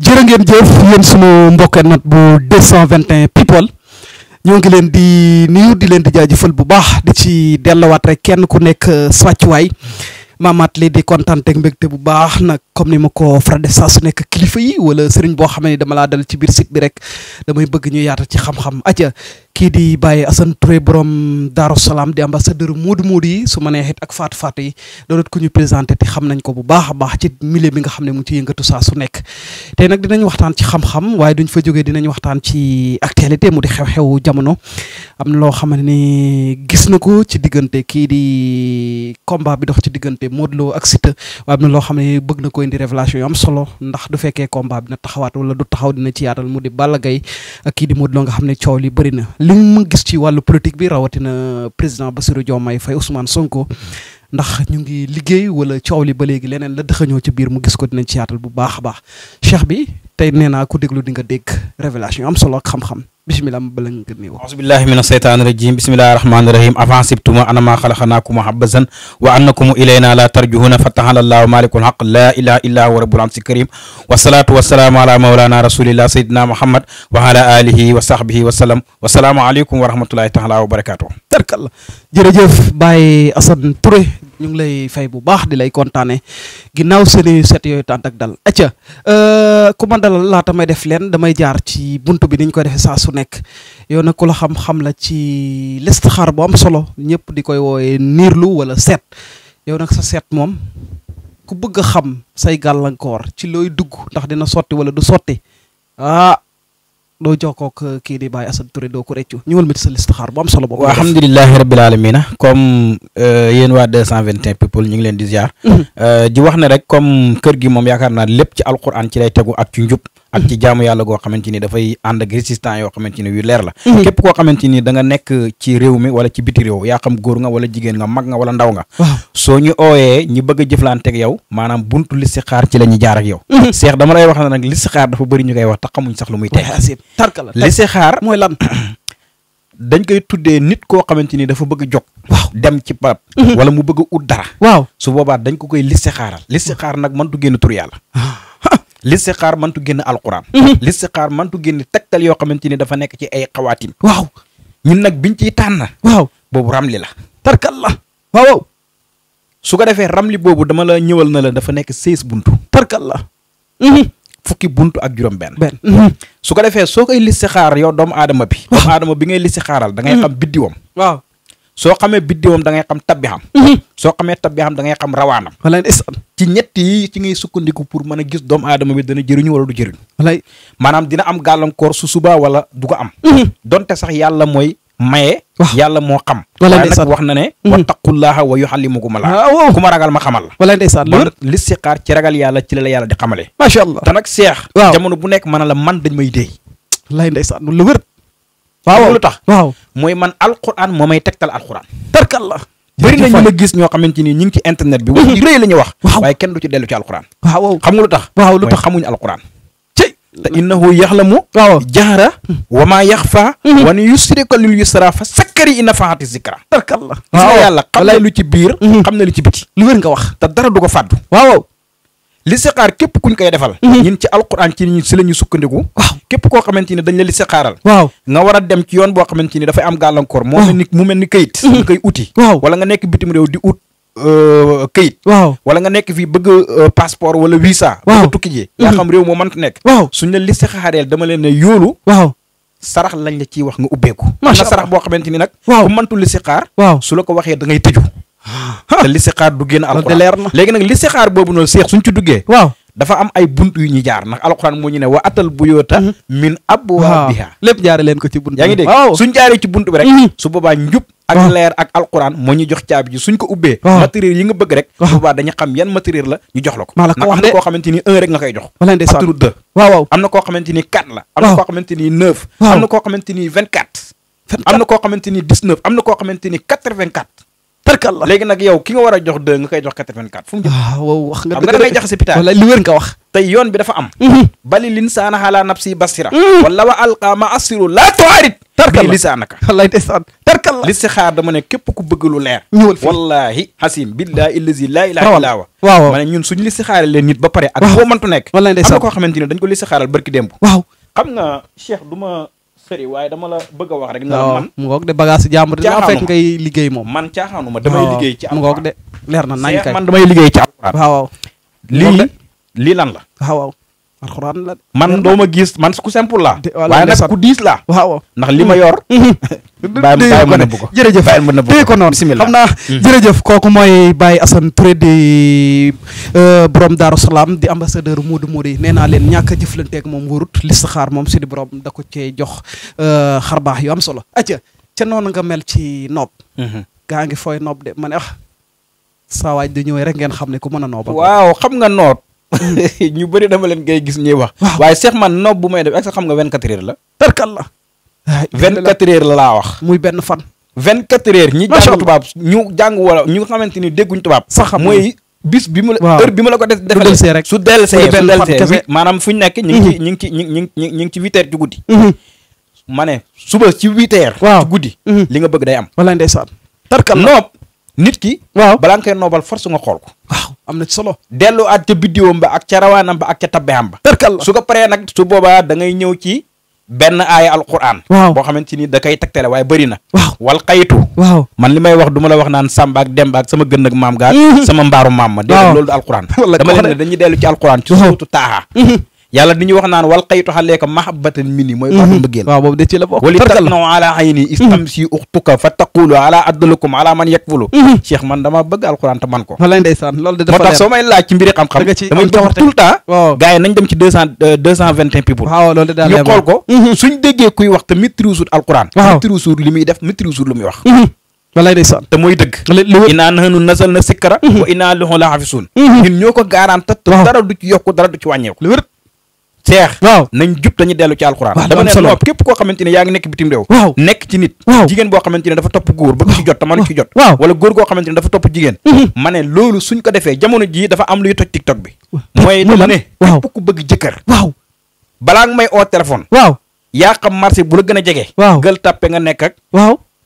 jërë ngeen jëf yéen sunu mbokk nat bu 221 people ñoo ngi leen di nuyu di leen di jaajëfal bu baax di ci dellowaat rek kenn ku nekk sa waay maamaat li di kontaan ak mbégte bu baax nag comme ni ma ko faral def su nekk kilifa yi wala sëriñ boo xam ne dama laa dal ci biir site bi rek damay bëgg ñu yaata ci xam-xam aja kii di Baye Assane Touré borom Daaru Salaam di ambassadeur Moodu Moodu yi su ma neexit ak faatu faatu yi doonat ku ñu présenté te xam nañ ko bu baax a baax ci milieu bi nga xam ne mu ci yëngatu saa su nekk tey nag dinañ waxtaan ci xam-xam waaye duñ fa jógee dinañ waxtaan ci actualité mu di xew-xew jamono am na loo xam ne gis na ko ci diggante kii di baa bi dox ci diggante Modou Lo ak Siteu waaye am na loo xam ne bëgg na ko di révélation yu am solo ndax du fekkee combat bi na taxawaat wala du taxaw dina ci yaatal mu di Balla Gaye ak kii di Modou Lo nga xam ne coow li bëri na li ma gis ci wàllu politique bi rawatina président Bassirou Diomaye Faye Ousmane Sonko ndax ñu ngi liggéey wala coow li ba léegi leneen la dëxañoo ci biir mu gis ko dina ci yaatal bu baax a baax cheikh bi tey nee naa ku déglu di nga dégg révélation yu am solo ak xam-xam bisimilah ma bala a gën a wax. a mina seytaani rajim bisimilahi rahmaani rahim avant sibtuma anama xalaxanaakum habbazan wa annakum ilayna la tarjuhuna fatahalallahu malikul haq la ilaha illa huwa rabbul arsi karim wasalaatu wasalaamu ala maulana rasulillah sayidina muhammad wa ala alihi wa sahbihi wa salam wasalaamu aleykum wa rahmatullahi taala wa barakaatu. tarkal jërëjëf Baye Assane Touré ñu ngi lay fay bu baax di lay kontaane ginnaaw seeni set yooyu tànt ak dal acca euh, ku dalal laata may def leen damay jaar ci buntu bi niñ ko defee saa fu nekk yow nag ku la xam-xam la ci listixaar bu am solo ñëpp di koy wooyee lu wala seet yow nag sa seet moom ku bëgg a xam say gàllankoor ci looy dugg ndax dina sotti wala du sotti ah doo jokkook euh, kii di Baye Assane Touré doo ko réccu ñëwal ma ci sa listixaar bu am solo boobu. waaw alhamdulilahi rabbil alamina comme euh, yéen waa 221 people ñu ngi leen di ziar. Mm-hmm. Euh, di wax ne rek comme kër gi moom yaakaar na lépp ci alquran ci lay tegu ak ci njub. ak ci jaamu yàlla goo xamante ni dafay ànd ak résistant yoo xamante ni yu leer la mhm. képp koo xamante ni da nga nekk ci réew mi wala ci biti réew yaa xam góor nga wala jigéen nga mag nga wala ndaw nga soo ñu ooyee ñi bëgg a jëflanteeg yow maanaam buntu listixaar ci la ñu jaar ak yow mhm. seex dama lay wax na nag xaar dafa bari ñu koy wax te xamuñ sax lu muy teg tarka la listixaar mooy lan dañ koy tuddee nit koo xamante ni dafa bëgg a waaw dem ci barab mhm. wala mu bëgg a ut waaw su boobaa dañ ko koy listixaaral listixaar nag mën du génn tur yàlla ah. listixaar mantu génn alquran mhm. listixaar mantu génn tegtal yoo xamante ni dafa nekk ci ay xawaatim waaw ñun nag bi ñu ciy tànn na waaw boobu ramli la tarkal la waaw su ko defee ramli boobu dama la ñëwal na la dafa nekk seize bunt tarkal la mhm. mhm. fukki buntu ak juróom benn su ko defee soo koy listixaar yow doomu aadama bi doomu aadama bi ngay listixaaral da ngay xam biddiwam waaw soo xamee biddiwam da ngay xam tabbi xam mhm. soo xamee tabbi xam da ngay xam rawaanam walaay ndeysaan ci ñett yi ci ngay sukkandiku pour mën a gis doomu aadama bi dana jëriñu wala du jëriñu walaay maanaam dina am gàllankoor su suba wala du ko am mhm. donte sax yàlla mooy maye yàlla moo xam walaay ndeysaan wax na ne mhm. wattaqullaha wa yuhallimukum la ah, ku ma ragal ma xamal la walaay ndeysaan loolu ci ragal yàlla ci la la di xamale macha allah te nag seex jamono bu nekk mën a la man dañ may déey walaay ndeysaan lu wér waaw lu tax waaw mooy man alquran moo may tegtal alquran tarkal la bëri na ñu ma gis ñoo xamante ni ñu ngi ci internet bi wax ji rëy la ñuy wax waaye kenn du ci dellu ci alquran waaw xam nga lu tax waaw lu tax xamuñu alquran ci te innahu yaxlamu waaw jahra wa maa yaxfa wa ni yusrika lil yusra fa sakkari ina faati zikra tarkal la waaw yàlla xam na lu ci biir xam na lu ci biti lu wér nga wax te dara du ko fàddu listixaar képp kuñ koy defal mhm. ñun ci alquran ci si la ñu sukkandiku waaw képp koo xamante ni dañ la listixaaral waaw nga war a dem ci yoon boo xamante ni dafay am gàllankoor moo mel mu mel ni kayit mhm. nga koy uti waaw wala nga nekk bitim réew di ut euh, kayit waaw wala nga nekk fii bëgg euh, passeport wala visa waaw bëgg tukki ji yaa mhm. xam réew moo mënta nekk waaw suñ la listixaareel dama leen ne yoolu waaw sarax lañ la ciy wax nga ubbeeku macha allah sarax boo xamante ni nag waaw bu mëntu listixaar waaw su la ko waxee da ngay tëju te listixaar du génn alxuraan leer na léegi nag listixaar boobu noonu seex suñ ci duggee waaw dafa am ay bunt yu ñu jaar ndax alxuraan moo ñu ne wa atal buyoota mhm. min abwaabiha lépp jaare leen ko ci bunt suñ jaaree ci bunt bi rek mhm. su boobaa njub ak leer ak alxuraan moo ñu jox caabi ji suñ ko ubbee matériel yi nga bëgg rek su boobaa dañu xam yan matériel la ñu jox la ko ndax am na koo xamante ni un rek nga koy jox aturu deux waaw am na koo xamante ni quatre la am na koo xamante ni neuf am na koo xamante ni vingt quatre na am na koo xamante ni quatre vingt tarkal la léegi nag yow ki nga war a jox deux nga koy jox quatre-vingt-quatre fu mu jëm ah, waaw wax nga dëgg dangay jaxase pitaal wala li wér nga wax tey yoon bi dafa am mhm. bali linsaana xalaa nafsi basira mhm. wala wa alqaa ma assiru laa tuarit tarkal la lisaanaka wallaay ndeysaan tarkal la listixaar dama ne képp ku bëgg lu leer ñëwal fi wallaahi xasim billahi illazi laa ilaha illaa wa waaw ma ne ñun suñu listixaare leen nit ba pare ak boo mëntu nekk wallaay ndeysaan am na koo xamante ne dañ ko listixaaral barki démb waaw xam nga cheikh du ma sëri waaye dama la bëgg a wax rek. waaw mu ngoog de bagage jàmbur dina fekk ngay liggéey moom. man caaxaanu ma damay liggéey ci. ngoog de leer na nañ kay man damay liggéey ci. waaw lii lii lan la. waaw alxuraan la man doo ma gis man ku simple laa. waaye nag ku diis laa. waaw ndax li ma yor. bàyyi ma nëbb ko jërëjëf bàyyi ma nëbb ko noonu bismillah xam naa mm. jërëjëf kooku mooy Baye Assane Touré di euh, borom Daaru Salaam di ambassadeur Modou Mouri nee naa leen ñàkk a jëflanteeg moom wóorut li saxaar moom si di borom da ko cee jox euh, xarbaax yu am solo. acca ca noonu nga mel ci noob. Mhm. gaa ngi fooy noob de ma ah saa waaj di ñëwee rek ngeen xam ne ku mën a noobal. waaw xam nga noot. ñu bëri dama leen ngay gis ñuy wax. waaye Cheikh man nob bu may def ak sa xam nga 24 heures la. tarkal la. 24 heures la laa wax. muy benn fan. 24 heures ñi jàng tubaab ñu jàng wala ñu xamante ni dégguñ tubaab. sax mooy bis bi mu la. heure bi mu la ko def defalee rek. su dellusee su dellusee maanaam fu ñu nekk. ñu ngi ci mhm. ñu ngi ci ñu ngi ñu ngi ci 8 ci guddi. Mhm. ma ne suba ci 8 ci guddi. Mhm. li nga bëgg day am. wala ndeysaan. tarkal noob nit ki. waaw balaa nga noobal force nga xool ko. am na ci solo. dellu at ca biddiwam ba ak ca rawaanam ba ak ca am ba. su ko paree nag su boobaa da ngay ñëw ci. benn aaya alquran waaw boo xamante ni da koy tegtale waaye bëri na waaw wal man li may wax du ma la wax naan samba ak demba ak sama gën ak maam gaan mm-hmm. sama mbaaru maam ma dé loolu du dama leen ne dañuy dellu ci alquran ci suuratu taaha mm-hmm. yàlla di ñu wax naan wal xaytu xaleeka mahabbatan mini mooy baatu mhm. mbëggeel waaw boobu de ci la bokk wali tarnoo ala ayni mhm. istamsi uxtuka fa taqulu ala addalukum ala man yakfulu mhm. cheikh man dama bëgg alquran te man ko walaay ndeysaan loolu de dafa moo tax soo may laaj ci mbiri xam-xam damay jox tout le temps gars yi nañ dem ci deux cent euh, deux cent vingt et un people waaw loolu de daal ñu xool ko suñ déggee kuy wax te maîtrisewul alquran maîtrisewul li muy def maîtrisewul lu muy wax walaay ndeysaan te mooy dëgg inaa nahnu nazal na sikkara wa inaa lahu la xafisuun ñun ñoo ko garantat dara du ci yokku dara du ci wàññeeku seex waaw nañ jub dañu dellu ci alxuraan dama ne non képp koo xamante ne yaa ngi nekk bitim réew waaw nekk ci nit waaw jigéen boo xamante ne dafa topp góor bëgg ci jot mhm. ne dafa loolu suñ ko defee jamono jii dafa am luy toj tiktok bi mooy dama ne képp ku bëgg jëkkër waaw balaa nga may oo téléphone waaw yaa xam marché bu la gën a jege waaw gël tàppe nga nekk ak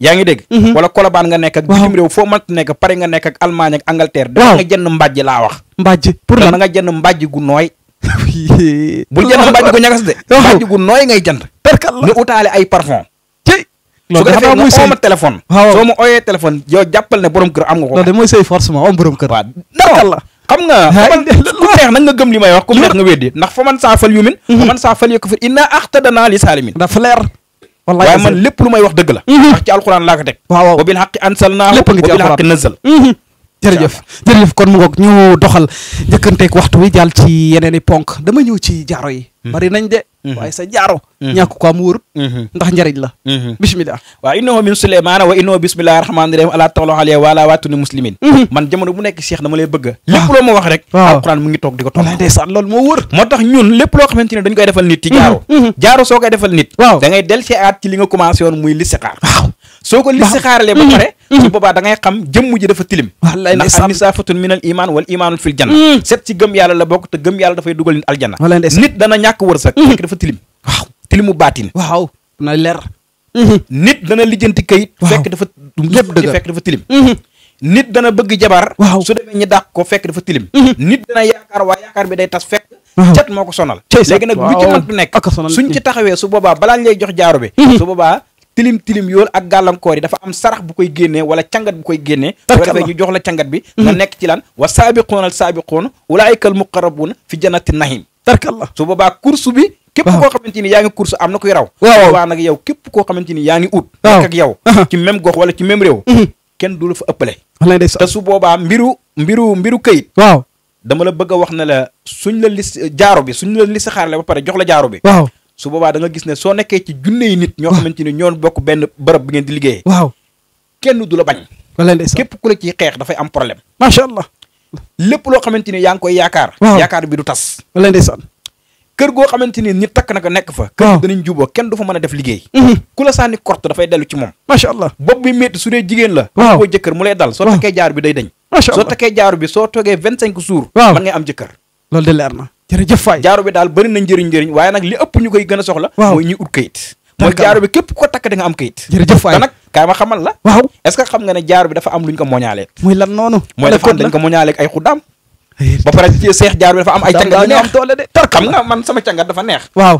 yaa ngi dégg mhm. wala kolobaan nga nekk ak bitim réew foo mënta nekk pare nga nekk ak Allemagne ak Angleterre dafa nga jënd mbàjj laa wax mbàjj pour la nga jënd mbàjj gu nooy bul jant bàjj gu ñagas de. bàjj gu nooy ngay jant. perkal la ñu utaale ay parfum. ci loolu ma soo ma ooyee téléphone yow jàppal ne borom kër am nga ko. loolu de mooy sëy forcément am borom kër. waaw perkal la xam man ku neex li may wax ku neex nga weddi ndax fa man saa fal yu min fa mhm. man saa fal yu kufir inna axtadanaa li saalimin dafa leer waaye man lépp lu may wax dëgg la ndax mhm. ci alxuraan laa ko teg wa bil xaqi ansalnaahu wa bil xaqi nazal mhm. jërëjëf jërëjëf kon mu ngoog doxal njëkkanteeg waxtu wi jàll ci yeneen i ponk dama ñëw ci jaaro yi hmm. bari nañ de hmm. waaye sa jaaro Mm-hmm. ñàkk ko am wóorut mm-hmm. ndax njariñ la mm-hmm. bismillah waaw innahu min suleymaana wa innahu bismillahi rahmaani rahim ala taala alayhi wa ala waatuni muslimin man jamono bu nekk cheikh dama lay bëgg ah. lépp loo ma wax rek alquran mu ngi toog di ko toog ndeysaan loolu moo wóor tax ñun lépp loo xamante ne dañ koy defal nit ci jaaro jaaro soo koy defal nit waaw da del ci aat ci li woon muy listixaar waaw soo ko listixaaralee ba pare su boobaa da ngay ilimu baatin waaw na leer mhm. nit dana lijjanti kayit fekk dafa lépp dëgg fekk dafa tilim mhm. nit dana bëgg jabar waaw su demee ñi dàq ko fekk dafa tilim mhm. nit dana yaakaar waa yaakaar bi day tas fekk cat moo ko sonal léegi nag lu ci mëntu nekk suñ ci taxawee su boobaa balaa lay jox jaaro bi su boobaa tilim tilim yool ak gàllankoor yi dafa am sarax bu koy génnee wala cangat bu koy génnee bu ko defee ñu jox la cangat bi nga nekk ci lan wa saabiquuna al saabiquuna ulaaika al muqarrabuuna fi jannati nahim tarkallah su boobaa course bi képp koo xamante ni yaa ngi course am na koy raw waaw nag yow képp koo xamante ni yaa ngi ut nekk ak yow ci même gox wala ci même réew mhm. kenn du la fa ëppale te su boobaa mbiru mbiru mbiru këyit waaw dama la bëgg a wax ne la suñ la lis jaaro bi suñ la lis xaarale ba pare jox la jaaro bi waaw su boobaa danga gis ne soo nekkee ci junne yi nit ñoo xamante ni ñoo bokk benn bërëb bi ngeen di liggéey waaw kenn du la bañ képp ku la ciy xeex dafay am problème macha allah lépp loo xamante ni yaa ngi koy yaakaar yaakaar bi du tas kër goo xamante ni ñi takk naka nekk fa kër ah. danañ juboo kenn du fa mën a def liggéey mhm. ku la sànni korte dafay dellu ci moom macha allah bopp bi métti su dee jigéen la waaw koo jëkkër jaar bi day bi soo toogee vingt cinq jours man ngay am jëkkër loolu de leer na jërëjëf daal bëri na njëriñ njëriñ waaye nag li ëpp ñu koy gën a soxla mooy ñuy ut kayit mooy jaaru bi ko takk da nga am kayit jërëjëf faay nag kaay ma xamal la waaw xam nga ne jaaru bi dafa am luñ ko moñaaleeg muy lan noonu mooy dafa am dañ ko moñaaleeg ay xuddaam ba pare ci seex jaar bi dafa am ay cangat yu neex am doole de nga man sama cangat dafa neex waaw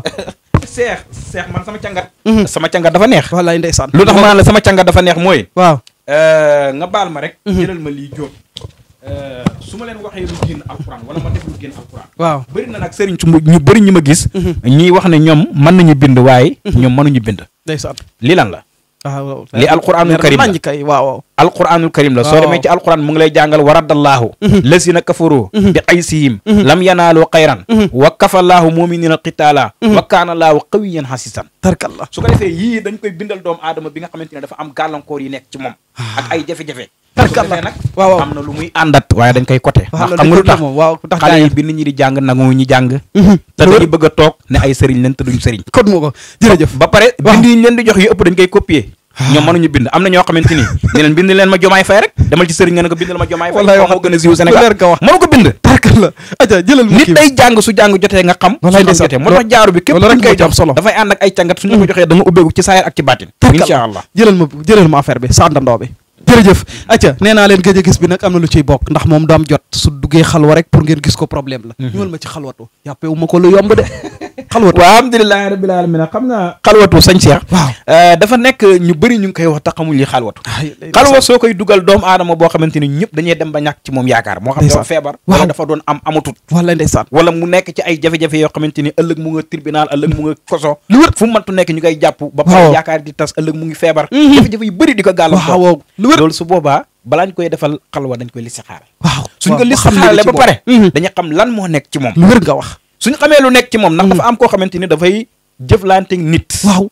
seex seex man sama cangat mhm. sama canga dafa neex wallaay ndeysaan lu tax ma naan la sama cangat dafa neex mooy waaw euh, nga baal ma rek mhm. jëlal ma lii jóob euh, su ma leen waxee lu génn alxuraan wala ma def lu génn alxuraan waaw bëri na nag sëriñ su ñu bëri ñu ma gis mhm. ñiy wax ne ñoom mën nañu bind waaye ñoom mënuñu bind ndeysaan lii lan la Ah, li alquranul karim la kay waaw waaw alquranul karim la soo demee ci alquran mu ngi lay jàngal wa raddallaahu mhm. lazina kafaru mhm. bi qaysihim mhm. lam yanaalu xayran wa kafallaahu muminina qitaala wa kaanallaahu qawiyan xasisan tarkallah su ko defee yii dañ koy bindal doomu aadama bi nga xamante ne dafa am gàllankoor yi nekk ci moom ak ah. ay jafe-jafe tarkalla la waaw waaw am na lu muy àndat waaye dañ koy côté ndax xam nga lu tax waaw tax xale yi bi nit ñi di mhm. a toog ne ay sëriñ lañ te ba pare bind yi ñu jox yu ëpp dañ koy copier ah. na ñoo xamante ne ne ko bindal ma jomaay fay wallaay wax moo gën a siiw Sénégal jàng su jàng jotee nga xam su xam jotee moo tax jaaru bi képp dañ koy jox solo dafay ànd ay càngat suñu ko mhm. joxee da ubbeeku ci saayir ak ci baatin insha allah jëlal ma affaire bi sa ndandoo bi jërëjëf acca nee leen gëj gis bi nag am na lu ciy bokk ndax moom daam jot su duggee xalwa rek pour ngeen gis ko problème la mhm. ñëwal ma ci xalwatu yàppewu ma ko lu yomb de xalwatu waaw alhamdulilahi rabbil alamin xam naa xalwatu sañ seex eh, dafa nekk ñu bari ñu ngi koy wax te xamuñ li xalwatu ah, xalwa soo koy dugal doom aadama boo xamante ni ñëpp dañuy dem ba ñàkk ci moom yaakaar moo xam dafa feebar wala dafa doon am amatut wala wala mu nekk ci ay jafe-jafe yoo xamante ni ëllëg mu nga tribunal ëllëg mu nga koso lu wër fu mu mantu nekk ñu koy jàpp ba pare yaakaar di tas ëllëg mu ngi feebar mhm. jafe-jafe yu ko gàllankoor lu wër loolu su boobaa koy defal xalwa dañ koy listixaar waaw suñ ko listixaarale ba pare mhm. dañu xam lan moo nekk ci moom lu wër nga wax suñu xamee lu nekk ci moom. ndax hmm. dafa am koo xamante ni dafay jëflanteeg nit. waaw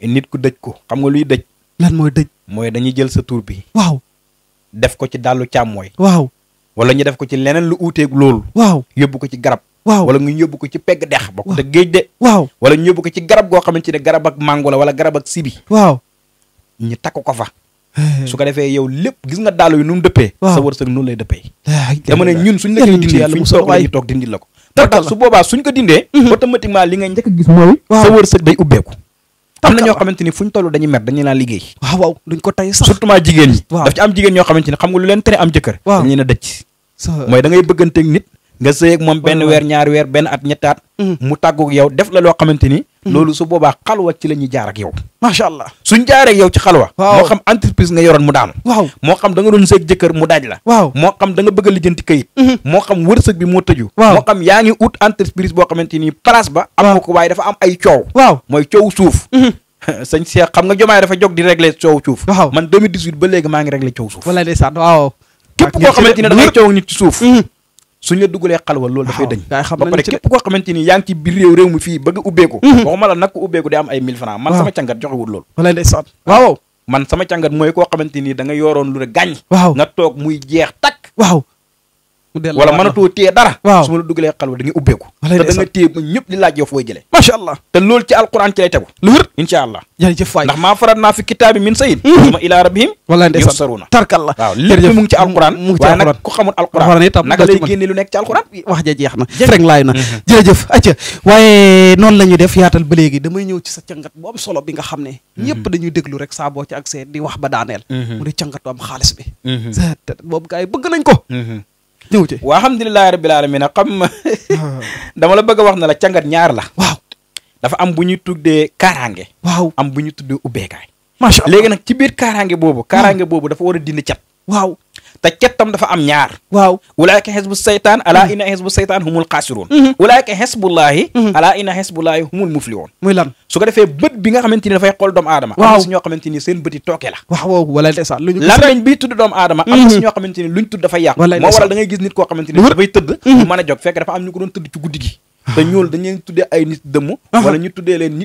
nit ku dëj ko xam nga luy dëj. lan mooy dëj. mooy dañuy jël sa tuur bi. waaw def ko ci dàllu càmmooy. waaw wala ñu def ko ci leneen lu uuteeg loolu. waaw yóbbu ko ci garab. waaw wala ñu yóbbu ko ci pegg dex. bokk te géej waaw wala ñu yóbbu ko ci garab goo xamante ne garab ak màngo la wala garab ak sibi. waaw ñu takk ko fa. Eh. su ko defee yow lépp gis nga dàll yu nu mu dëppee. waaw war wërsëg noonu lay dëppee. dama ne ñun suñ la koy dindi fi ñu toog dindi la ko. tax su boobaa suñ ko dindee mhm. automatiquement li nga njëkk a gis mooy sa wërsëg day ubbeeku am na ñoo xamante ni fu ñu toll dañuy mer dañu naan liggéey waaw ko tey sax surtout ment jigéen ñi daf ci am jigéen ñoo xamante ni xam nga lu leen tere am jëkkër dañ leen a dëcc mooy da ngay bëgganteeg nit nga sëyeeg moom benn weer ñaari weer benn at ñettaat mhm. mu tàggu yow def la loo xamante ni Mm-hmm. loolu su boobaa xalwa ci la ñuy jaar ak yow macha allah suñ jaaree ak yow ci xalwa moo xam entreprise nga yoroon mu daanu waaw moo xam danga doon seeg jëkkër mu daaj la waaw moo xam da nga bëgg a lijjanti kayit mm-hmm. moo xam wërsëg bi moo tëju waaw moo xam yaa ngi ut entreprise boo xamante nii place ba am ko waaye dafa am ay coow waaw mooy coow suuf mm-hmm. sëñ Cheikh xam nga jomaay dafa jog di régler coow suuf waaw man 2018 ba léegi maa ngi régler coow suuf wala ndeysaan waaw képp ne dafay coow nit suuf suñ la dugalee xalwa loolu dafay dañ ba pare képp ko xamante ni yaa ngi ci biir réew réew mi fii bëgg ubbeeku mhm. waxuma la nag ko ubbeeku day am ay mille francs man sama càngat joxewul loolu walaay ndeysaan waaw man sama càngat mooy koo xamante ni da nga yoroon lu ne gàññ waaw nga toog muy jeex takk waaw wala mënatoo téye dara waaw su ma la dugalee xalwa da nga di laaj yow fooy jëlee allah te loolu ci alquran ci lay tegu lu wër incha allah jërëjëf waay ndax maa farat naa fi kitaabi min sayin ma ilaa rabbihim wala ndeysaan yusaruna tarkalla waaw lépp mu ngi ci alquran mu ngi ci alquran nag ku xamul alquran itam naka wax ja jeex na freng laay na mm-hmm. jërëjëf acca waaye noonu la ñu def yaatal ba léegi damay ñëw ci sa cangat bu solo bi nga xam ne mm-hmm. ñëpp dañuy déglu rek saa boo ci di wax ba daaneel mm-hmm. mu di cangatu am xaalis bi boobu gars yi bëgg nañ ko te wute waa alhamdulilah rabbil alamin xam dama la bëgg a wax ne la càngat ñaar la. waaw dafa am bu ñu tuddee kaaraange. waaw am bu ñu tuddee ubbeekaay. macha allah léegi nag ci biir kaaraange boobu. kaaraange boobu dafa wara a cat. waaw te cettam dafa am ñaar waaw ulaayka xisbu saytaan alaa inna xisbu saytaan humul xaasiruun ulaayka xisbullaahi alaa inna xisbullaahi humul mufliwoon muy lan su ko defee bët bi nga xamante ni dafay xool doomu aadama am na si ñoo xamante ni seen bëti tooke la waaw wala ndeysaan luñ làmmiñ bi tudd mm-hmm. xamante ni luñ tudd dafay yàqu moo waral da ngay gis nit koo xamante ni dafay tëdd du mm-hmm. mën a jóg fekk dafa am ñu ko doon tëdd ci guddi gi leen tuddee ay nit dëmm ah. wala ñu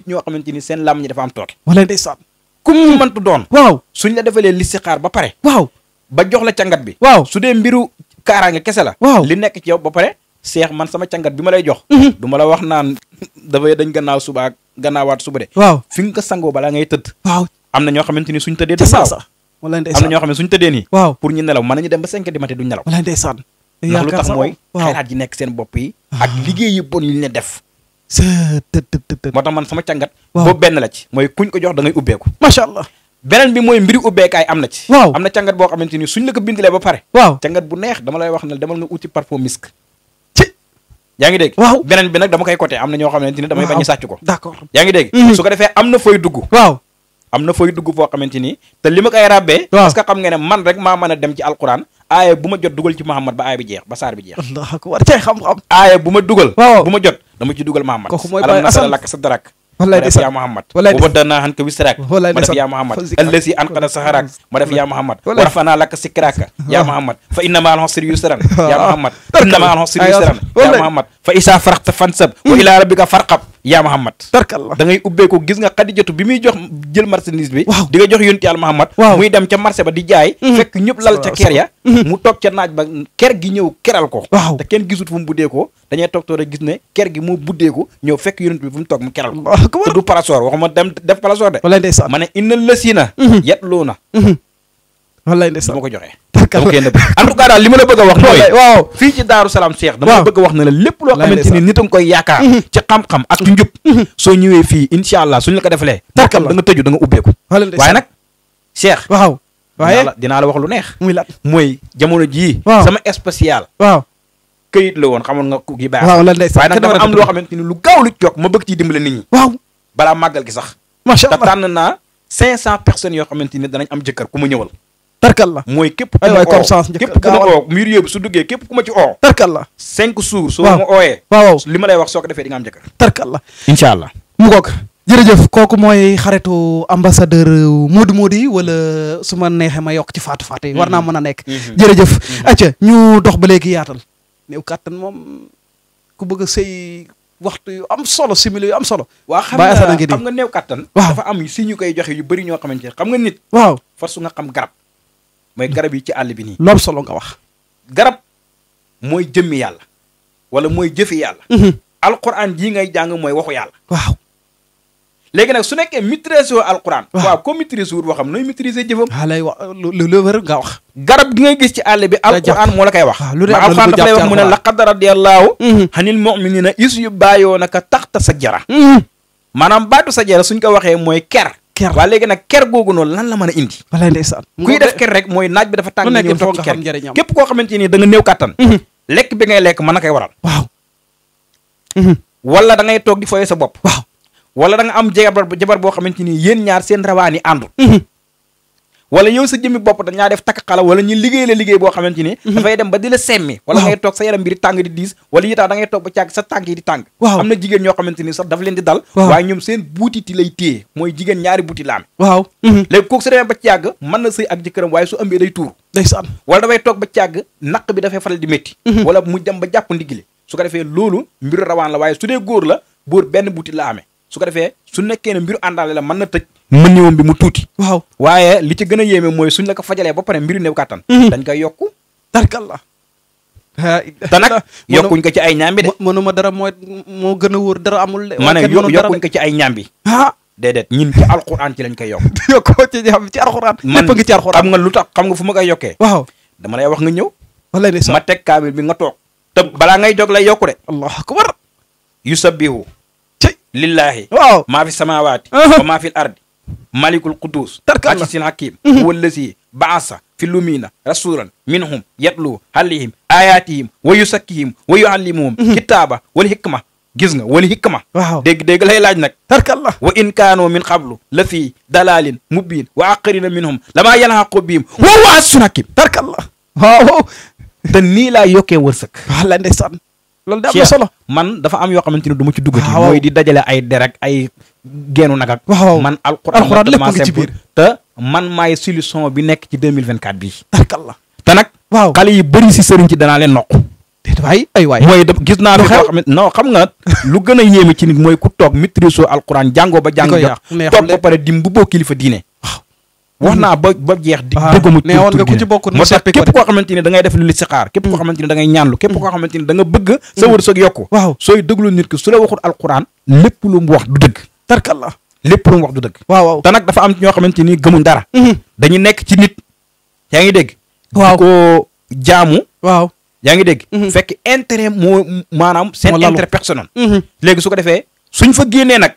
ñoo xamante ni seen làmmiñ dafa am tooke wala ndeysaan ku mu mëntu doon waaw suñ la defalee listixaar ba pare waaw ba jox la cangat bi waaw su dee mbiru kaaraange kese la waaw li nekk ci yow ba pare seex man sama cangat bi ma lay jox mhm. du ma la wax naan dafay dañ gannaaw suba gannaawaat suba waaw fi nga ko sangoo balaa ngay tëdd waaw am na ñoo xamante ni suñ tëddee sax wala ndeysaan am na ñoo xam ne suñ tëddee nii waaw pour ñu nelaw mën nañu dem ba cinq di matin duñ nelaw wala ndeysaan ndax lu tax mooy xalaat ji nekk seen bopp yi ah. ak liggéey yu bon yu ñu ne def moo tax man sama càngat boobu benn la ci mooy kuñ ko jox da ubbeeku macha allah beneen bi mooy mbiri ubbeekaay am na ci waaw am na càngat boo xamante ni suñ la ko bindilee ba pare waaw càngat bu neex dama lay wax ne demal nga uti parfum misk ci yaa ngi dégg waaw beneen bi nag dama koy côté am na ñoo xamante ni damay a sàcc ko d'accord yaa ngi dégg mhm. ko defee am na fooy dugg waaw am na fooy dugg foo xamante ni te li ma koy ràbbee parce que xam nga ne man rek maa mën a dem ci alquran aaya bu ma jot dugal ci Muhammad ba aaya bi jeex ba saar bi jeex Allah akbar tey xam-xam aaya bu ma dugal bu ma jot dama ci dugal Muhammad kooku mooy Alam nashrah laka sadrak wallaay de yaa Muhammad wallaay booba danaa xan ka wisraak wallaay ma def yaa Muhammad allasi anqada saxaraak ma def yaa Muhammad wa rafana laka sikraaka yaa Muhammad fa innama al husri yusran yaa Muhammad innama al husri yusran yaa Muhammad fa isa faraxta fansab wa hmm. ila rabbika farqab yaa Muhammad tarkalla da ngay ubbeeku gis nga xadijatu bi muy jox jël marchandise bi waaw di jox yonti yàlla Muhammad waaw muy dem ca marché ba di jaay mhm. fekk ñëpp lal ca ker ya mu toog ca naaj ba ker gi ñëw keral ko waaw te kenn gisut fu mu buddee ko dañuy toog toog gis ne ker gi moo buddeeku ñëw fekk yonent bi fu mu toog mu keral ko te du parasor waxuma dem def parasor de walaay ndeysaan ma ne innal lasina mhm. yatluuna mhm. walaay ndeysaan ma ko joxee en tout cas li ma la bëgg a wax mooy waaw fii ci Daaru Salaam dama la bëgg a wax ne la lépp loo xamante ni nit a ngi mhm. ci xam-xam ak ci njub mhm. soo ñëwee fii incha allah suñu la ko defalee tàkkal da nga tëju da nga ubbeeku waaye nag Cheikh waaw waaye dinaa la wax lu neex muy la mooy jamono jii sama spécial waaw këyit la woon xamoon nga ku gi baax waaye nag dama am loo xamante ni lu gaaw lu jokk ma bëgg ciy dimbale nit ñi waaw balaa sax macha allah tànn naa cinq cent personnes yoo xamante ni danañ am jëkkër ku ma ñëwal tarkal la mooy képp ku ma oo képp ku ma oo mur yóbbu su duggee képp ku ma ci oo tarkal la cinq jours soo ma ooyee waaw li ma lay wax soo ko defee di nga am jëkkër tarkal la incha allah mu goog jërëjëf kooku mooy xaritu ambassadeur Modou Modou yi wala su ma neexee ma yokk ci faatu faatu yi war naa mhm. mën a nekk mhm. jërëjëf mhm. acca ñu dox ba léegi yaatal néew kàttan moom ku bëgg a sëy waxtu yu am solo simili yu am solo. waa xam nga xam nga néew si ñu koy joxe yu bëri ñoo xamante ne xam nga nit. waaw force nga xam garab. mooy garab yi ci àll bi nii. loolu solo nga wax. garab mooy jëmmi yàlla. wala mooy jëfi yàlla. Mhm. alquran jii ngay jàng mooy wax yàlla. waaw. nag su nekkee maîtrise wu alquran. waaw waaw comme maîtrise wut waxam nooy maîtriser jëfam. waaw ah, lay wax lu lu nga wax. garab gi ngay gis ci àll bi. alquran moo la koy wax. Ah, lu dee alquran daf lay wax mu ne laqad radiyallahu mhm. anil mu'minina is yu bàyyoo naka taxta sa jara. Mhm. maanaam baatu sa jara suñ ko waxee mooy ker. ker waaw léegi nag ker googu noonu lan la mën a indi walaay ndeysaan kuy def ker rek mooy naaj bi dafa tàng ñëw toog ker képp koo xamante lekk da nga néew kàttan mhm. lekk bi ngay lekk mën na koy waral waaw mhm. Mhm. wala da ngay toog di foyee sa bopp waaw wala da nga am jabar jabar boo xamante ni yéen ñaar seen rawaan yi àndul wala yow sa jëmmi bopp dañaa def takk xala wala ñu liggéey la liggéey boo xamante ni mhm. dafay dem ba di la semmi wala ngay toog sa yaram bi di tàng di diis wala yitaa da ngay toog ba càgg sa tànk yi di tàng waaw mhm. na sëy ak jëkkëram waaye su ëmbee day tuur ndeysaan wala dafay toog ba càgg naq bi dafay faral di métti mhm. wala mu ba jàpp ndigile su ko defee loolu mbiru rawaan la waaye su dee góor la góor benn buuti la amee su ko defee su nekkee ne mbiru àndaale la mën na tëj mën ñëwam bi mu tuuti waaw waaye li ci gën a yéeme mooy suñ la ko fajalee ba pare mbiru néew kàttan mhm. dañ koy yokku tarkalla te nag yokkuñ ko ci ay ñaambi de mënuma dara mooy moo gën a wóor dara amul de ma ne yokkuñ ko ci ay ñaambi ah déedéet ñin ci alxuraan ci lañ koy yokk yokkoo ci ñaam ci alxuraan lépp ngi ci alxuraan xam nga lu tax xam nga fu ma koy yokkee waaw dama wax nga ñëw wala ni ma teg kaamil bi nga toog te balaa ngay jog lay yokku de allahu akbar yusabbihu lillahi waaw maa fi samawaati uh-huh. wa maa fi ardi malikul qudus aziizil hakiim mhm. wallazi baasa fi lumina rasulan minhum yatlu alayhim ayatihim wa yusakkihim wa yuallimuhum mhm. kitaaba wal hikma gis nga wal hikma waaw dégg-dégg lay laaj nag tarkallah wa in kaano min qablu la fii dalalin mubin wa aqarina minhum lamaa yalhaqu bihim wa huwa azizun hakiim tarkallah waaw te nii laa yokkee wërsëg wala ndeysaan loolu da am na solo man dafa am yoo xamante ni du ma ci duggati mooy di dajale ay derek ay geenu nag ak waaw man alxuraan lépp ngi ci biir te man maay solution bi nekk ci 2024 bii bi te nag waaw xale yi bëri si sëriñ ci danaa leen noq waay ay waay mooy gis naa fi koo xam ne non xam nga lu gën a yéeme ci nit mooy ku toog maîtrise o alxuraan jàngoo ba jàng jot toog ba pare dim bu boo kilifa diine wax naa ba ba jeex di dëggamu moo tax képp koo mm. xamante ne da def lu li sixaar képp koo xamante ne da ngay ñaanlu képp koo mm. xamante ne da nga bëgg sa mm. wërsëg yokku waaw sooy déglu nit ki su la waxul alxuraan lépp lu mu wax du dëgg tarkalla lépp lu mu wax du dëgg waaw waaw nag dafa am ñoo xamante ni gëmuñ dara mhm. dañu nekk ci nit yaa ngi dégg jaamu waaw yaa ngi dégg mhm. fekk intérêt moo maanaam seen intérêt personnel mhm. léegi su ko defee suñ fa génnee nag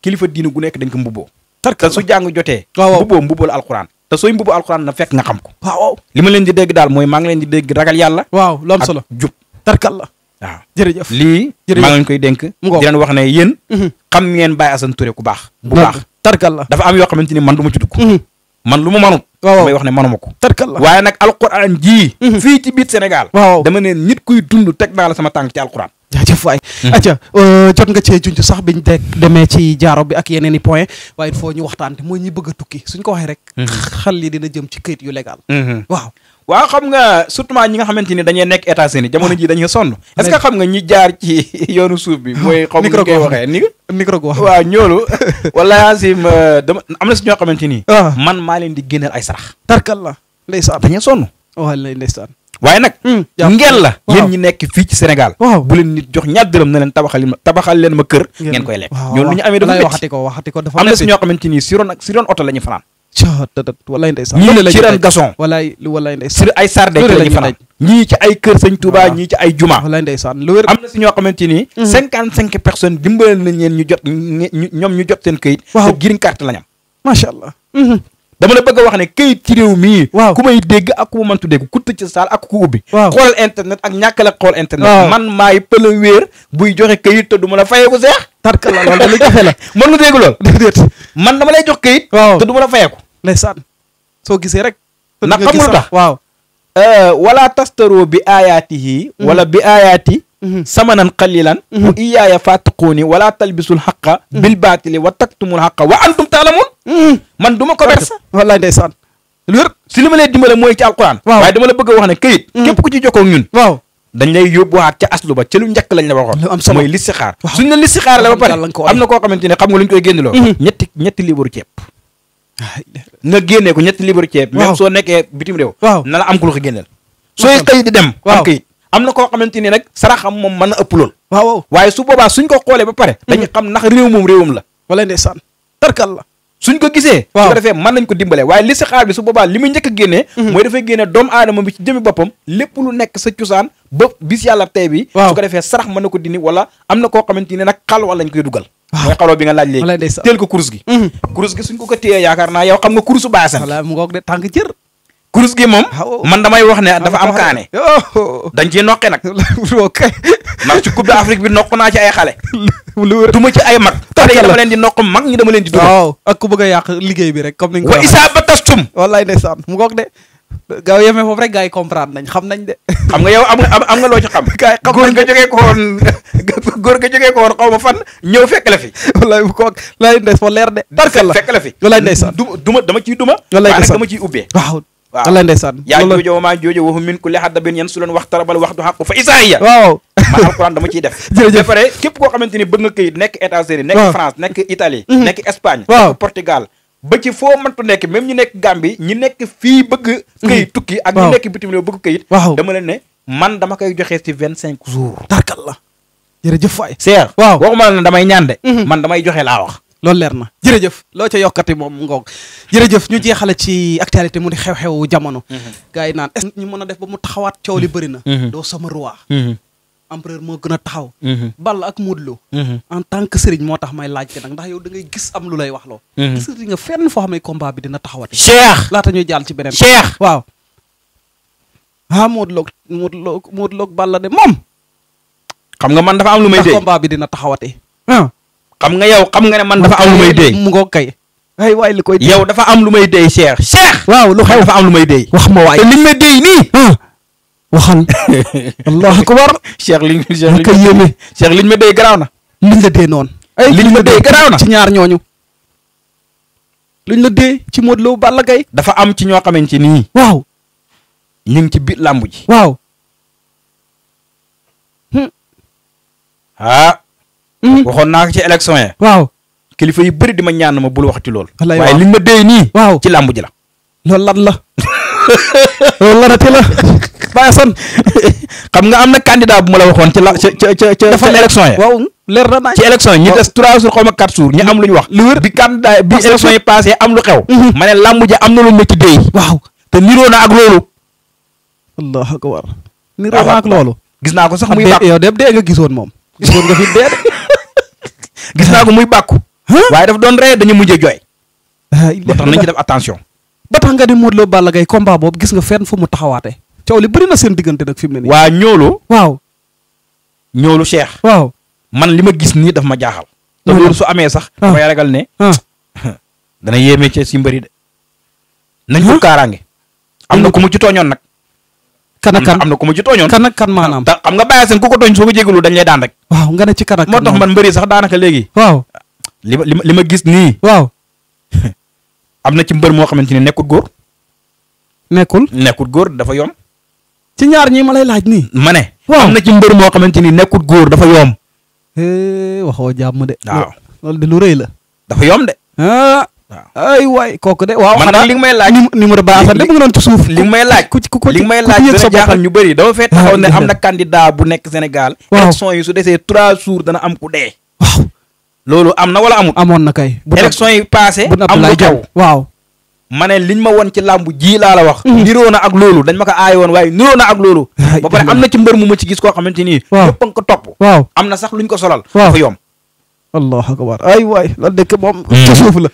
kilifa diine gu nekk dañ ko mbuboo tarkalla su jàng jotee mbubboo mbubboo la alquran te sooy mbubboo alquran na fekk nga xam ko waaw li ma leen di dégg daal mooy maa ngi leen di dégg ragal yàlla waaw lu am solo jub tarkalla waaw jërëjëf lii maa ngi koy dénk di leen wax ne yéen mhm. xam ngeen Baye Assane Touré ku baax bu baax tarkal la dafa am yoo xamante ni man du ma ci dugg mhm. man lu ma manut may wax ne ma ko tarkal la waaye nag alquran jii mhm. fii ci biir Sénégal waaw dama ne nit kuy dund teg naa la sama tànk ci alquran jaajëf waay acca euh, jot nga cee junj sax biñ de demee ci jaaro bi ak yeneen i point waaye il ñu waxtaan waxtaante mooy ñi bëgg a tukki suñ ko waxee rek xel yi dina jëm ci këyit yu légal waaw waaw xam nga surtout ñi nga xamante ni dañuy nekk États-Unis jamono ji dañuy sonn est-ce que xam nga ñi jaar ci yoonu suuf bi mooy xaw waxee ni micro waa wax ñoolu wala asim euh, dama am na si ñoo xamante ni ah. man maa leen di génneel ay sarax tarkal la ndeysaan dañuy sonn wallaay ndeysaan waaye nag hmm, ngeen la yéen ñi nekk fii ci Sénégal bu nit jox ñaar dërëm na leen tabaxal leen ma kër ngeen koy lekk ñoolu ñu amee dafa metti am na si ñoo xamante ni si si roon oto la ñu fanaan ca tëdd walaay ndeysaan. ñii ci ren gason walaay walaay ndeysaan. sur ay sarde la ñii ci ay kër sëñ Touba ñii ci ay juma. walaay ndeysaan lu wér am na si ñoo xamante ni. Mm-hmm. cinquante cinq personnes dimbalal nañ leen ñu jot ñoom ñu jot seen këyit. waaw te green card lañ am. macha allah. Mm-hmm. dama la bëgg wax ne këyit ci réew mii. waaw ku may dégg ak ku ma mëntu dégg ku tëj saal ak ku ubbi. waaw xoolal internet ak ñàkk la xool internet. man maay pël wéer buy joxe këyit te du la fayeeku seex tarka la loolu lu jafe la mën nga dégg lool déedéet man dama lay jox kayit waaw te du ma la fayeeku ndeysaan soo gisee rek ndax xam nga tax waaw euh, wala tastaroo bi aayaatihi mhm. wala bi aayaati mhm. samanan qalilan mhm. wa iyaaya faatiquuni wala talbisul xaqa bil baatili wa taktumul xaqa wa antum taalamuun man du ma ko bersa wallaay ndeysaan lu wér si li ma lay dimbale mooy ci alquran waaye dama la bëgg a wax ne kayit képp ku ci jokkoo ak ñun waaw dañ lay yóbbuwaat ca aslu ba ca lu njëkk lañ la waxoon lu am solo mooy listixaar suñ la listixaar la ba pare am na koo xamante ne xam nga lu ñu koy génn loo mhm. ñetti ñetti liibaru ceeb nga génnee ko ñetti liibaru ceeb même soo nekkee bitim réew na la am ku la ko génneel sooy xëy di dem am këyit am na koo xamante ni nag saraxam moom mën na ëpp lool waaw waaye su boobaa suñ ko xoolee ba pare dañu mhm. xam ndax réew moom réewum la wala ndeysaan tarkal la suñ ko gisee su ko defee mën nañ ko dimbale waaye listixaar bi su boobaa li muy njëkk a génnee mhm. mooy dafay génne doomu aadama bi ci jëmi boppam lépp lu nekk sa cosaan ba bis yàlla tey ko defee sarax mën na ko dindi wala am na koo xamante ne nag xalwa lañ koy dugal mooy xalwa bi nga laaj léegi teel ko kurus gi mhm. kurus gi suñ ko ko téyee yaakaar naa yow xam nga kurusu baasan kurus gi moom. man damay wax ne a dafa am kaane. dañ ciy noqe nag. ndax ci coupe d'Afrique bi noq naa ci ay xale. lu wër duma ci ay mag. xale yi dama leen di noq mag ñi dama leen di. duma waaw ak ku bëgg a bi rek comme ko waxee wa isaa ba tastum. wallaay ndeysaan yi comprendre nañ xam nañ de. xam nga yow am nga am nga loo ci xam. gars yi xam nañ nga jógee ko woon góor nga jógee ko woon xaw ma fan. ñëw fekk fi. wallaay bu ko laay da fa leer de. barka la fekk la fi. wallaay ndeysaan du duma dama ciy duma. wallaay ndeysaan dama ciy ubbee waaw wallaahi ndeysaan yaa joojo maa joojo waxu min ku li yan su leen wax tarabal waxtu xàqu fa isaiya waaw man alquran dama ciy def jërëjëf ba pare képp koo xamante ni bëgg nga këyit nekk États-Unis nekk France nekk Italie mhm. nekk Espagne nekk Portugal ba ci foo mëntu nekk même ñu nekk Gambie ñi nekk fii bëgg mhm. këyit tukki ak ñu nekk bitim réew bëgg këyit waaw dama leen man dama koy joxe ci vingt cinq jours tarkal la jërëjëf waay seer waaw waxuma la ne damay ñaan mhm. man damay joxe laa wax loolu leer na jërëjëf loo ca yokkati moom ngoog jërëjëf ñu jeexale ci actualité mu di xew xew jamono mm-hmm. gaa yi naan est ñu mën a def ba mu taxawaat coow li mm-hmm. bëri na mm-hmm. doo sama roi empereur moo gën a taxaw Balla ak Modou Lo en tant que sëriñ moo tax may laajte nag ndax yow da ngay gis am lu lay wax loo gis nga fenn foo xam ne combat bi dina taxawati Cheikh laata ñuy jàll ci beneen Cheikh waaw ah Modou Lo Modou Lo xam nga man dafa am lu may dee combat bi dina taxawati ah. xam nga yow xam nga ne man dafa am lu may dee mu ngoog kay ay waay koy yow dafa am lu may dee Cheikh Cheikh waaw lu dafa am lu may dee wax ma waay te li ma dee nii ah, waxal allahu akbar Cheikh liñ Cheikh liñ ko liñ ma dee garaaw na liñ la dee noon ay liñ ma dee garaaw na ci ñaar ñooñu luñ la dee ci Modou Lo Balla Gaye dafa am ci ñoo xamante ni waaw ñu ngi ci biir làmb ji waaw hm. ah Mhm. waxoon naa ko ci élection yi. waaw di ma ñaan ma bul waxati lool. wallaay waaye li ma dee nii. waaw ci la ji la. loolu lan la. loolu lanati la. Baye Assane xam nga am na candidat bu ma la waxoon ci la ca ca ca ca. dafa élection yi leer na nañ ci élection yi ñu des trois jours xaw ma quatre jours ñu am lu ñu wax. lu wér bi candidat bi élection yi passé am lu xew. Mhm. ma ne làmb am na lu ñu ci dee. waaw te niroo na ak loolu. allahu akbar niroo na ak loolu. gis naa ko sax muy baax yow dee nga gisoon moom. gisoon nga fi dee de. gis naa ko muy bakk waaye daf doon ree dañu mujjee jooy ba tax nañ ci def attention ba nga di Modou Lo Balla Gaye combat boobu gis nga fenn fu mu taxawaate coow li bari na seen diggante nag fi mu ne nii waa ñoolu waaw ñoolu Cheikh waaw man li ma gis nii daf ma jaaxal te loolu su amee sax ah. dafay ragal ne ah. dana yéeme ci si mbëri de nañ ko kaaraange na ku mu ci tooñoon na ku mu ci tooñoon kan ak kan maanaam xam nga bàyyi seen ko tooñ soo ko jégalu dañ lay daan rek waaw nga ne ci kanak moo tax man mbëri sax daanaka léegi. waaw li ma li ma gis nii. waaw. am na ci mbër moo xamante ni nekkul góor. nekkul nekkul góor dafa yoom ci ñaar ñii ma lay laaj nii. ma ne. waaw am na ci mbër moo xamante ni nekkul góor dafa yomb. waxoo jàmm de. waaw loolu de lu rëy la. dafa yoom de. Ah. waaw ay waay kooku de waaw. xanaa li nga may laaj numéro baaxal de mu ngi doon ci suuf. li nga may laaj ku ci ku li nga may laaj dana jaaxal ñu bëri dama fee ah, taxaw ne am na candidat bu nekk Sénégal. élection yi su desee trois jours dana am ku dee. waaw loolu am na wala amul. amoon na kay. bu élection yi passé am na lu xew waaw. ma ne ñu ma won ci làmb jii laa la wax. Mm-hmm. niroo ak loolu dañ ma ko aay woon waaye niroo na ak loolu. ba pare am na ci mbër mu ma ci gis koo xamante ni. waaw ñëpp a am na sax luñ ko solal. waaw allahu akbar ay waay la dëkk moom. Hmm.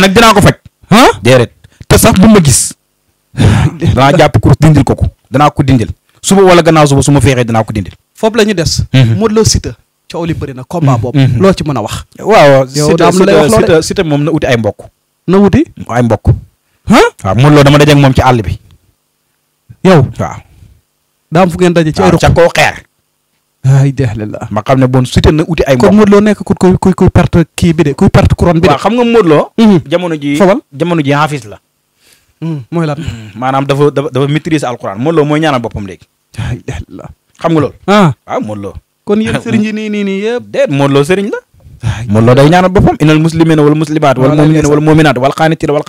nag dinaa ko faj. ah déedéet te sax bu ma gis. danaa jàpp kur dindil ko ko danaa ko dindil suba wala gannaaw suba su ma feexee dinaa ko dindil. foofu la ñu des. Hmm. Modou Lo Siteu coow li bëri na combat hmm. boobu. loo ci mën a wax. waaw Siteu Siteu Siteu moom na uti ay mbokk. na wuti ay mbokk. waaw Modou Lo dama daje ak moom ci àll bi. yow waaw. daam fu ngeen ca koo xeer. ay deex la ma xam ne bon sute na uti ay mbokk kon Modou Lo nekk ku kuy kuy perte kii bi de kuy perte couronne bi nga Modou Lo mhm. ji fobal jamono ji xaafis la mhm, mooy mhm, dafa dafa dafa maîtriser alquran Modou Lo mooy ñaanal boppam léegi ay deex la xam nga loolu ah waaw kon yéen sëriñ yi nii nii nii yëpp déet Modou la Modou day ñaanal boppam inal muslimina wal muslimaat wal muminina wal muminaat wal xaanitina wal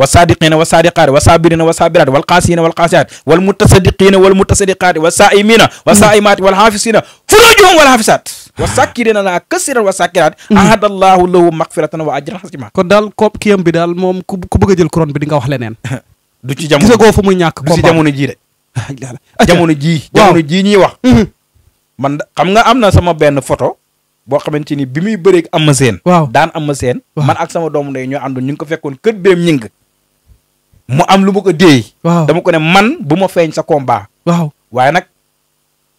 wa saadiqina wa saadiqaati wa saabirina wa saabiraati wal qaasiyina wal qaasiyaati wal mutasadiqina wal mutasadiqaati wa saaimina wa saaimaati wal haafisina furujuhum wal haafisaat wa sakkirina la kasiran wa sakkirat ahadallahu lahu magfiratan wa ajran hasima kon daal koop kiyam bi daal moom ku ku bëgg a jël couronne bi di nga wax leneen du ci jamono gisagoo fu muy ñàkk du jamono jii de jamono jii jamono jii ñuy wax mhm. xam nga am na sama benn photo boo xamante ni bi muy bëreek am ma seen waaw daan am ma seen man ak sama doomu ndey ñoo àndoon ñu ngi ko fekkoon kër béem ñing mu am lu ma ko déey. waaw dama ko ne man bu ma feeñ sa combat. waaw waaye nag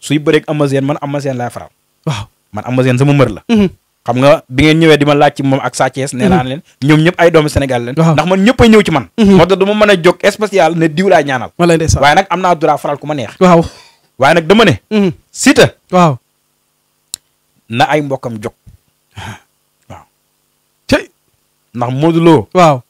suy bëreeg Eumeu Sène man Eumeu Sène laa faral. waaw man Eumeu sa sama mbër la. Mhm. xam nga bi ngeen ñëwee di ma laaj ci moom ak Sa Thiès nee naa mhm. leen ñoom ñëpp ay doomu Sénégal leen ndax man ñëpp ay ñëw ci man mhm. moo tax ma mën a jóg ne diw laay ñaanal waaye nag am naa droit faral ku ma neex waaw waay nag dama ne Siteu na ay mbokkam jóg waaw tey ndax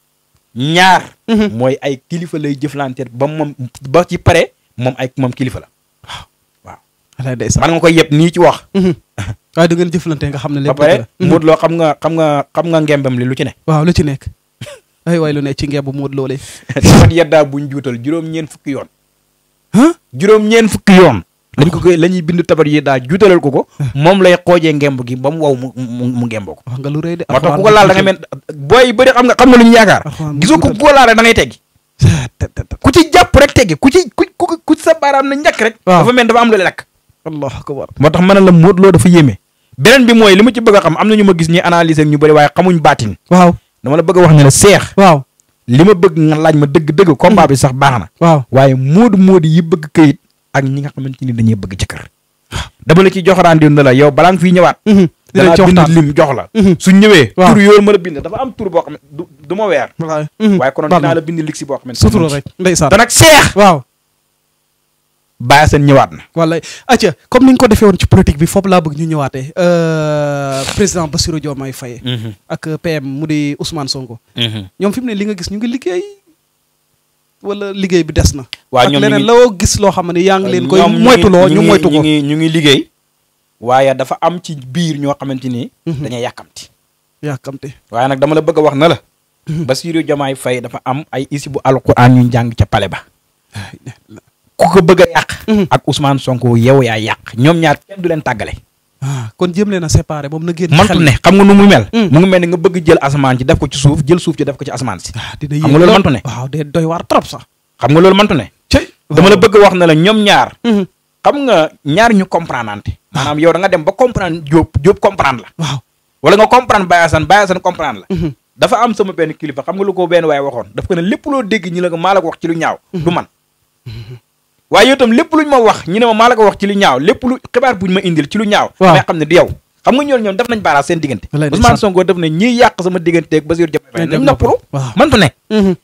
ñaar. Mhm. mooy ay kilifa lay jëflanteel ba moom ba ci pare moom ay moom kilifa la waaw. waaw man nga koy yëpp nii ci wax. Mhm. waaye da ngeen jëflante nga xam ne lépp. ba pare mhm. Modou Lo xam nga xam nga xam nga ngembam li lu ci nekk. waaw lu ci nekk. ay waay lu ne ci ngemb Modou Lo lay. man yeddaa buñ juutal juróom yoon. juróom-ñeent fukki yoon. lañ ko koy la ñuy bind tabar yi daa juutalal ko ko moom lay xoojee ngemb gi ba mu waw mu mu ngemboo ko wax nga lu rëy de moo tax ku ko laal da ngay booy yu bëri xam nga xam na lu ñu yaakaar gisoo ko ku ko laal rek da ngay teggi ku ci jàpp rek teggi ku ci ku sa baaraam na njëkk rek dafa mel dafa am lu la lakk allah akbar moo tax mën a la Modou Lo dafa yéeme beneen bi mooy li ma ci bëgg a xam am na ñu ma gis ñuy analyser ñu bari waaye xamuñ baatin waaw dama la bëgg wax ne la seex waaw li ma bëgg nga laaj ma dëgg-dëgg combat bi sax baax na waaw waaye Modou Modou yi bëgg këyit ak ñi nga xamante ni dañuy bëgg jëkkër dama la ci jox rendez-vous ne la yow balaa nga fiy ñëwaat mhm. danaa bind lim jox mhm. a bind dafa boo xam ne du ma mhm. si boo xam ne sutura rek ndeysaan te nag seex waaw bàyyi seen ñëwaat na wallaay acca comme ni nga ko defee woon ci politique bi foofu laa bëgg ñu ñëwaatee euh, président Bassirou Diomaye Faye ak PM mu di Ousmane Sonko ñoom fi mu ne li nga gis ñu ngi liggéey wala liggéey bi des na. waa ñoom leneen loo gis loo xam ne yaa leen koy. moytuloo ñu moytu ko ñu ngi ñu liggéey. waaye dafa am ci biir ñoo xamante ni. Mhm. dañuy yàkkamti. yàkkamti waaye nag dama la bëgg a wax na la. ba mhm. Bassirou Diomaye fay dafa am ay isi bu alquran ñu jàng ca pale ba. ku ko bëgg a yàq. Mhm. ak Ousmane Sonko yow yaa yàq ñoom ñaar kenn du leen tàggale. Ah, kon jéem leen a séparé moom na génn. mantu ne xam nga nu muy mel. Hmm. mu mel ni nga bëgg jël asamaan ci def ko ci suuf jël suuf ci def ko ci asamaan si. Ah, dina xam nga loolu mantu ne. waaw day doy waar trop sax. xam nga loolu mantu ne. dama la bëgg wax na la ñoom ñaar. Hmm. xam nga ñaar ñu comprendre. Ah. maanaam yow da nga dem ba comprendre Diop Diop comprendre la. waaw wala nga comprendre Baye Assane Baye Assane comprendre la. Hmm. dafa am sama benn kilifa xam nga lu ko benn waaye waxoon daf ko ne lépp loo dégg ñi la ko maa wax ci lu ñaaw lu man waaye yow itam lépp luñ ma wax ñu ne ma maa la ko wax ci lu ñaaw lépp lu xibaar buñ ma indil ci lu ñaaw mais xam ne du yow xam nga ñoom ñoom def nañ baaraas seen diggante Ousmane Sonko def na ñiy yàq sama digganteeg Bassirou Diomaye nañ noppalu man mhm.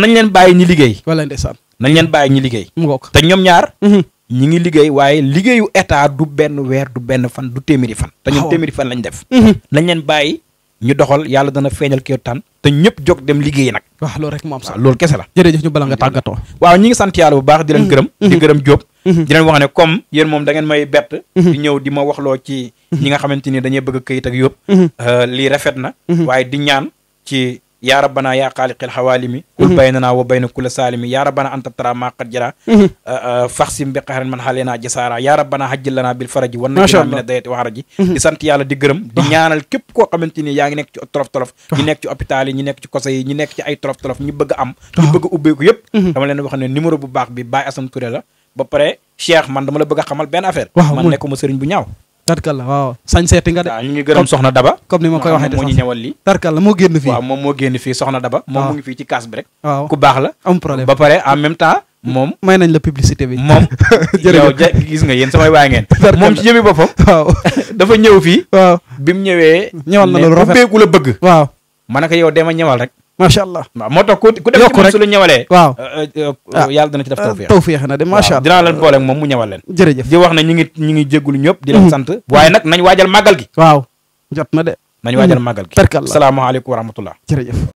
nañ leen bàyyi ñi liggéey wala ndeysaan nañ leen bàyyi ñi liggéey ñoom ñaar mhm. ñi ngi liggéey waaye liggéeyu état du benn weer du benn fan du téeméeri fan te ñoom ah, téeméeri fan lañ def mhm. nañ leen bàyyi ñu doxal yàlla dana feeñal kéemtaan te ñëpp jóg dem liggéey nag waaw loolu rek moo sax loolu kese la jërëjëf ñu bala nga tàggatoo waaw ñi ngi sant yàlla bu baax di leen mm-hmm. gërëm di mm-hmm. gërëm Diop mm-hmm. di leen wax ne comme yéen moom da ngeen may bett di ñëw di ma waxloo ci ñi nga xamante ni dañuy bëgg këyit ak yóbbu euh, lii rafet na waaye di ñaan ci yaa rabbana yaa xaaliqil xawaalimi kul mm-hmm. baynana wa bayna kula saalimi yaa rabbana anta tara maa qad jara mm-hmm. uh, uh, faxsim bi qaxarin man xalenaa jasaara yaa rabbana hajjil bil faraji wan najina mina dayati wa mm-hmm. di sant di gërëm di ah. ñaanal képp koo xamante ni yaa ngi nekk ci tolof-tolof ah. ñi nekk ci hôpital ñi nekk ci koso yi ñi nekk ci ay tolof-tolof ñi bëgg am ñi ah. bëgg ubbeeku yëpp dama leen wax ne bu baax bi ba Assane Touré la ba pare Cheikh man a xamal benn affaire man nekkuma sëriñ tarkal la waaw sañ seeti nga de waaw ñu ngi gërëm soxna daba comme ni ma koy waxee de moo ñu ñëwal lii tarkal la moo génn fii waaw moom moo génn fii soxna daba moom mu ngi fii ci kaas bi rek waaw ku baax la am problème ba pare en même temps moom may nañ la publicité bi moom yow gis nga yéen samay waa ngeen moom ci jëmi boppam waaw dafa ñëw fii waaw bi mu ñëwee ñëwal na loolu rafet ubbeeku la bëgg waaw ma ne ko yow dema ñëwal rek macha allah waaw moo tax ku dem ci moom waaw euh, euh, euh, ah. yàlla dana ci def ah, tawféex na de macha allah dinaa leen boole ak moom mu ñëwal leen jërëjëf di wax na ñu ngi ñu ngi jéggulu ñëpp di leen mhm. sant waaye nag nañ waajal màggal gi waaw jot na de nañ waajal mhm. màggal gi barkalla salaamaaleykum wa rahmatullah jërëjëf